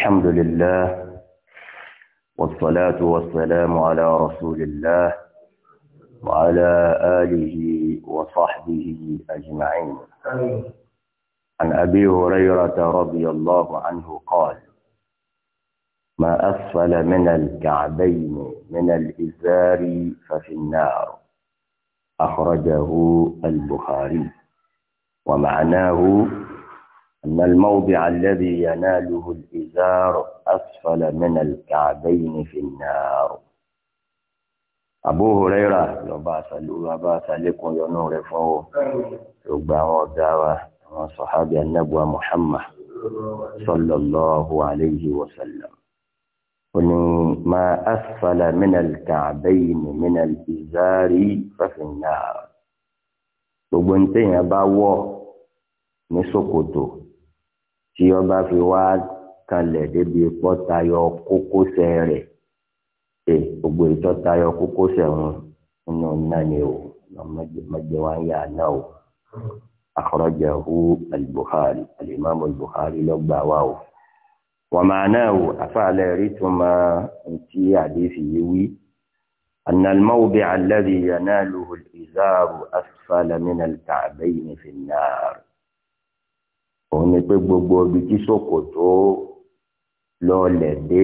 الحمد لله والصلاة والسلام على رسول الله وعلى آله وصحبه أجمعين عن أبي هريرة رضي الله عنه قال ما أسفل من الكعبين من الإزار ففي النار أخرجه البخاري ومعناه أن الموضع الذي يناله الإزار أسفل من الكعبين في النار أبو هريرة يباس يباس لكم ينور فو يباس داوة وصحابي النبوة محمد صلى الله عليه وسلم ما أسفل من الكعبين من الإزار ففي النار وبنتين باو نسكتو tí ọba fi wá kalẹ̀ débi pọ́ tayọ kókósẹ̀ rẹ̀ ẹ gbogbo ìtọ́ tayọ kókósẹ̀ wọn nínú náà ni o mọ̀jẹ̀ wá ń yà náà o akhrajahu al-Bukhari al-Imam al lọ́gbà wa o wọ́n máa náà o afáàlẹ̀ rí tún máa ń tí àdéhùn yìí wí. أن الموضع الذي يناله الإزار أسفل من الكعبين في النار òun ni pé gbogbo ibi tí ṣòkòtò lọlẹ̀ dé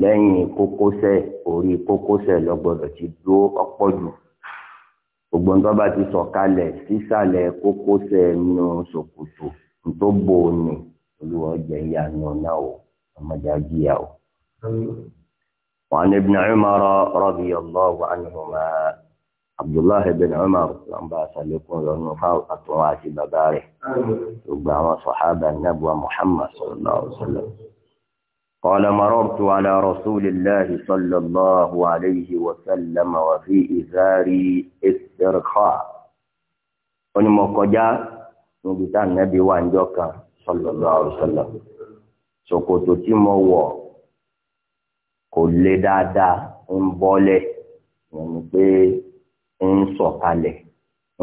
lẹ́yìn kókósẹ̀ orí kókósẹ̀ ló gbọ́dọ̀ ti dúró ọ̀pọ̀ jù gbogbo ti sọ̀kalẹ̀ sísàlẹ̀ kókósẹ̀ nu ṣòkòtò tó bò ní olúwa ọjà ìyanu náà o ọmọdé ajíyà o. abdullahi bin umar lọ́nba àṣàlékún lọ́nà fáwọn àtúnwá àti bàbá rẹ̀ gbogbo àwọn sọ̀hábà nàbùwà muhammad sallallahu alaihi wasallam. قال مررت على رسول الله صلى الله عليه وسلم وفي إزاري استرخاء أنا مقجا نجد النبي وانجوكا صلى الله عليه وسلم ṣòkòtò tí mo wọ̀ kò lé dáadáa sọ̀kalẹ̀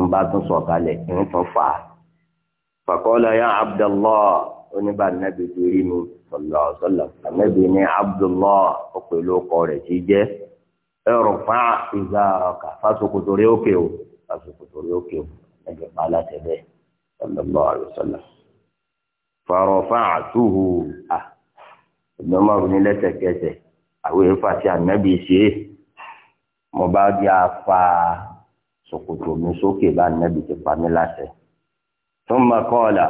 ń bá tún sọ̀kalẹ̀ ń tún fà á. fàkọ́lá yá abdullah oníbà nàbì torí mi sọlọ sọlọ ànábì ní abdullah ọpẹ ló kọ rẹ̀ tí jẹ́ ẹrù fà ìgbà ọkà fásokòtòrí òkè o fásokòtòrí òkè o ẹgbẹ pàlà tẹbẹ sọlọ àlùsọlọ. fàrọ̀fà àtúhù à ìgbọ́n máa ní lẹ́sẹ̀kẹsẹ̀ àwọn èèfà ànábì ṣe mo bá bí a fa ṣòkòtò mi sókè bá nẹ́bi ti pa mí láṣẹ. thumma qala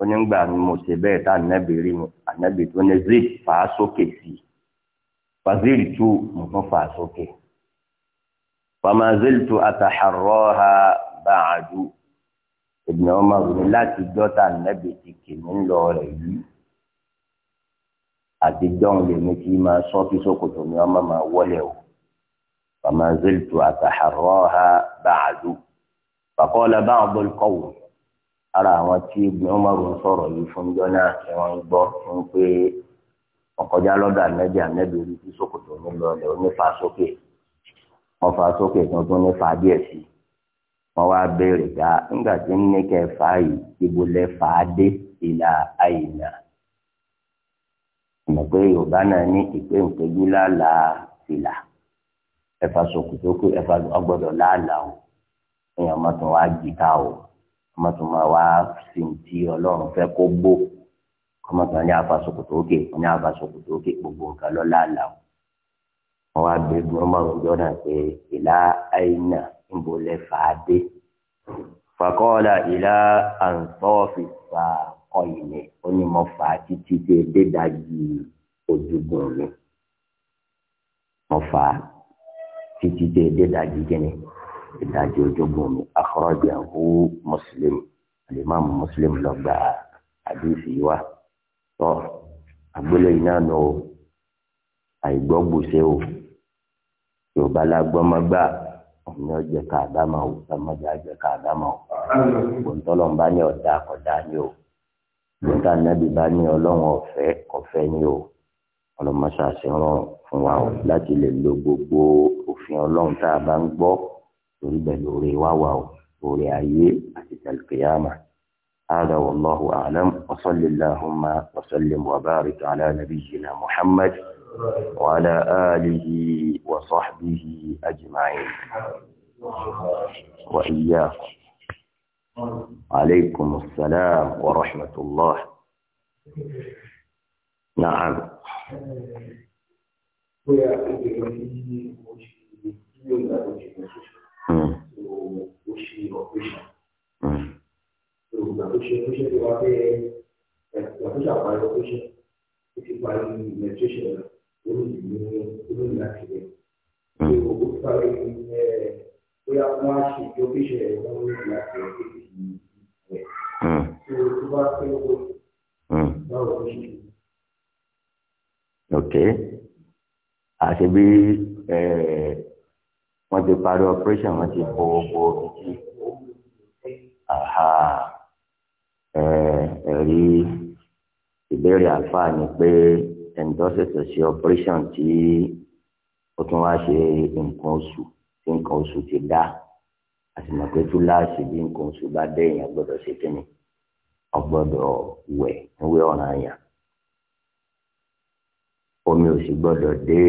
onígbà ni mo ṣe bẹ́ẹ̀ tá ànẹ́bi rí mi ànẹ́bi tó ní zid fà á sókè sí i fàzílì tú mo tún fà á sókè. fama ziltu ataharraha ba'du Ibn Umar ní láti dọ́tà ànẹ́bi ti kì mí lọ rẹ̀ yìí àti dọ́hùn lèmi kí máa sọ́ kí ṣòkòtò mi ọmọ máa wọlé o. فما زلت أتحراها بعد فقال بعض القوم ara àwọn tí ibùdó ọmọrù ń sọ̀rọ̀ yìí fún jọnà tí wọn ń gbọ́ fún pé ọkọjá lọ́dọ̀ ànẹbí ànẹbí orí tí ṣòkòtò mi lọlẹ ó nífa sókè wọn fa sókè tuntun nífa díẹ̀ sí i wọn wá béèrè dá ah, nígbà tí ń ní kẹ fà á yìí ibo lẹ fà á dé ìlà àyìnà ìmọ̀ pé yorùbá náà ní ìpè ìpéjú lálàá fìlà ẹ̀fà sòkòtò kù ẹ̀fà ọgbọ́dọ̀ láàlà o èèyàn má tún wá jìtá o má tún má wá sèǹtì ọlọ́run fẹ́ kó gbó ọmọ tó ní àfà sòkòtò òkè ní àfà sòkòtò òkè gbogbo nǹkan lọ láàlà o wọn wá gbé gbọmọ ọjọ́ náà pé ìlà àìnà níbo lẹ fà fàkọọlà ìlà àǹtọ́ọ̀fì fà kọ́ ó ní mo fà á títí dé dédàjì ojúgun mi mo fà á títí dé dédàjì gẹ́ni ìdajì ojogun mi akhrajahu Muslim alimami Muslim ló gbà àdéhùn wa tọ́ agbélé iná nù o àìgbọ́ gbòsè o yorùbá la gbọ́ mọ́ gbà ọ̀nà ọjọ́ ká àdámà o ọmọdé ajọ́ ká àdámà o gbọ̀ntọ́lọ́n bá ní ọ̀dà kọ̀dá ni o gbọ̀ntà nàbí bá ní ọlọ́run ọ̀fẹ́ ọ̀fẹ́ ni o ọlọmọṣà ṣe rọrùn fún wa o láti lè lo gbogbo òfin ọlọ́run tá a bá ń gbọ́ torí bẹ́ẹ̀ lóore wá wa o lóore ayé àti tàlùkìyàmà. هذا والله أعلم وصل اللهم وسلم وبارك على نبينا محمد وعلى آله وصحبه أجمعين وإياكم عليكم السلام ورحمة الله Nàám. Bóyá ìgbèrò ní ok àti bí wọ́n ti parí operation wọ́n ti bo bo títí ẹ̀rí ìbéèrè àlfà ni pé ẹ̀ńdọ́sẹ̀sẹ̀ ṣe operation tí ó tún wá ṣe nǹkan oṣù tí nǹkan oṣù ti dá àti mọ̀ pé túláàsì bí nǹkan oṣù bá dé èèyàn gbọ́dọ̀ ṣe kíni ọgbọ́dọ̀ wẹ̀ níwẹ̀ ọ̀ràn yàn omi ò sì gbọ́dọ̀ dé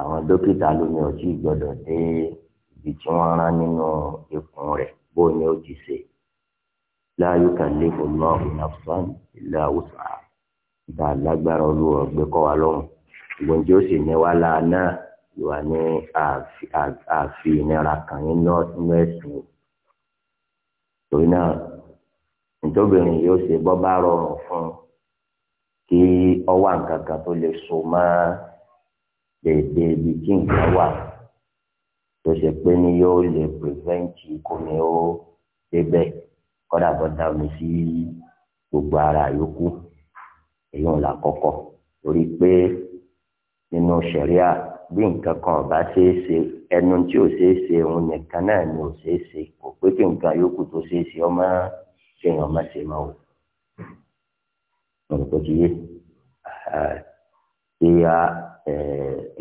àwọn dókítà lómi ò sì gbọ́dọ̀ dé ibi tí wọ́n rán nínú ikùn rẹ̀ bó ni ó ti ṣe la yukallifu Allahu nafsan illa wus'aha ìgbà lágbára olúwa ọgbẹ́ kọ́ wa lọ́rùn ìgbọ̀n tí ó sì ní wá láà ìwà ní àfi ìnira kan nínú ẹ̀sìn torí náà nítòbìnrin yóò ṣe bọ́ bá rọrùn fún un kí ọwọ́ nǹkan kan tó lè so mọ́ dèdè ibi tí nǹkan wà tó ṣe pé ní yóò lè prevent kòmí ó débẹ̀ kọ́dà bọ́ dá omi sí gbogbo ara yòókù èyí ń la kọ́kọ́ torí pé nínú ṣẹ̀ríà bí nǹkan kan ọba ṣeé ṣe ẹnu tí ò ṣeé ṣe òun nìkan náà ni ò ṣeé ṣe kò pé kí nǹkan yòókù tó ṣeé ṣe ọmọ ṣèyàn ọmọ ṣe máa wò nǹkan ti yé ìyá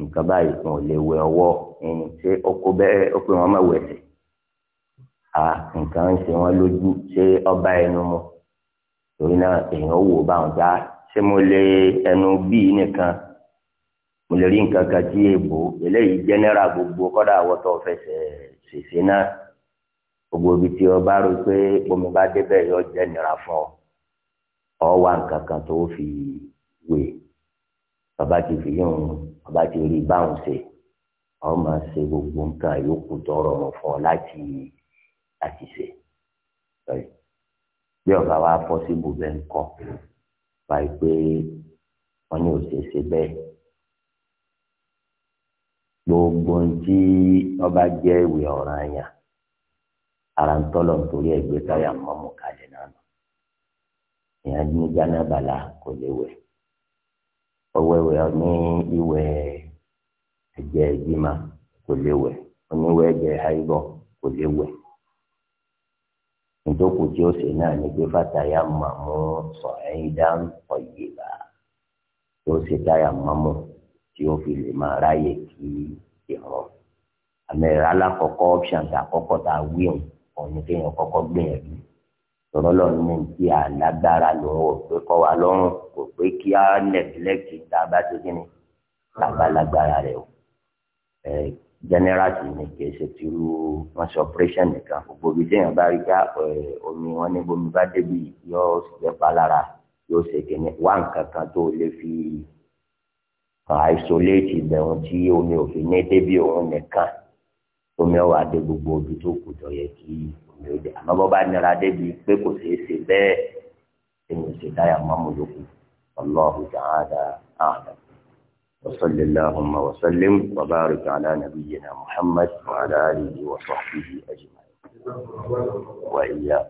nǹkan báyìí kan ò lè wẹ ọwọ́ ṣé ọkọ bẹ́ẹ̀ ó pé wọ́n má wẹ̀ ẹ̀sẹ̀ a nǹkan ń ṣe wọ́n lójú ṣé ọba ẹnu mu torí náà èèyàn wò báwọn já ṣé mo lè ẹnu bíi nìkan mo lè rí nǹkan kan tí èèbò eléyìí jẹ́nẹ́ra gbogbo kọ́dà àwọ̀tọ̀ fẹsẹ̀ ṣèṣe náà gbogbo ibi tí ọba rò pé omi bá débẹ̀ yọ jẹ́ fún ọ ọwọ́ nǹkan kan tó fi wé bàbá ti fi yún bàbá ti rí báwọn ṣe àwọn máa ṣe gbogbo nǹkan yòókù tó rọrùn fún ọ láti láti ṣe bí ọba wa fọ síbù bẹ́ẹ̀ ń kọ́ báyìí pé wọ́n ní òṣèṣe bẹ́ẹ̀ gbogbo ntí ọba jẹ́ ìwé ọ̀ranyàn ara ń tọ́lọ̀ nítorí ẹgbẹ́ táyà mọ́mú kalẹ̀ náà èèyàn ní jánábàlà kò lè wẹ̀ ọwẹwẹ ní ìwẹ̀ ẹ̀jẹ̀ ìbímọ kò lè wẹ̀ oníwẹ̀ ẹ̀jẹ̀ àìbọ kò lè wẹ̀ nítòkù tí ó ṣe náà ni pé fàtàyà màmú sọ̀rẹ́yìn dáhùn ọ̀yẹ̀ bá tí ó ṣe táyà màmú tí ó fi lè máa ráyè kí ìrọ̀ àmì ìrọ̀ alákọ̀ọ́kọ́ option tá àkọ́kọ́ tá a wí òun kéèyàn kọ́kọ́ gbìyànjú sọ̀rọ̀ lọ́nà ní ti àlágbára lòun ò pé kọ́ wa lọ́rùn kò pé kí á nẹ̀gílẹ́kì tá a bá ti kí ni tá a bá lágbára rẹ̀ o general sì ni kì í ṣe tìrú wọn ṣe operation nìkan gbogbo ibi téèyàn bá rí ká omi wọn ní bomi bá débi yóò sì jẹ́ palára yóò ṣe kìíní wá nǹkan kan tó lè fi isolate ibẹ̀ tí omi ò fi ní débi òun nìkan omi ọwọ́ adé gbogbo ibi tó kù jọ yẹ kí omi ó dé àmọ́ bọ́ bá nira débi pé kò ṣeé ṣe bẹ́ẹ̀ èmi ṣe dáyà mọ́mú yòókù Allahu ta'ala a'lam وصل اللهم وسلم وبارك على نبينا محمد وعلى آله وصحبه أجمعين وإياكم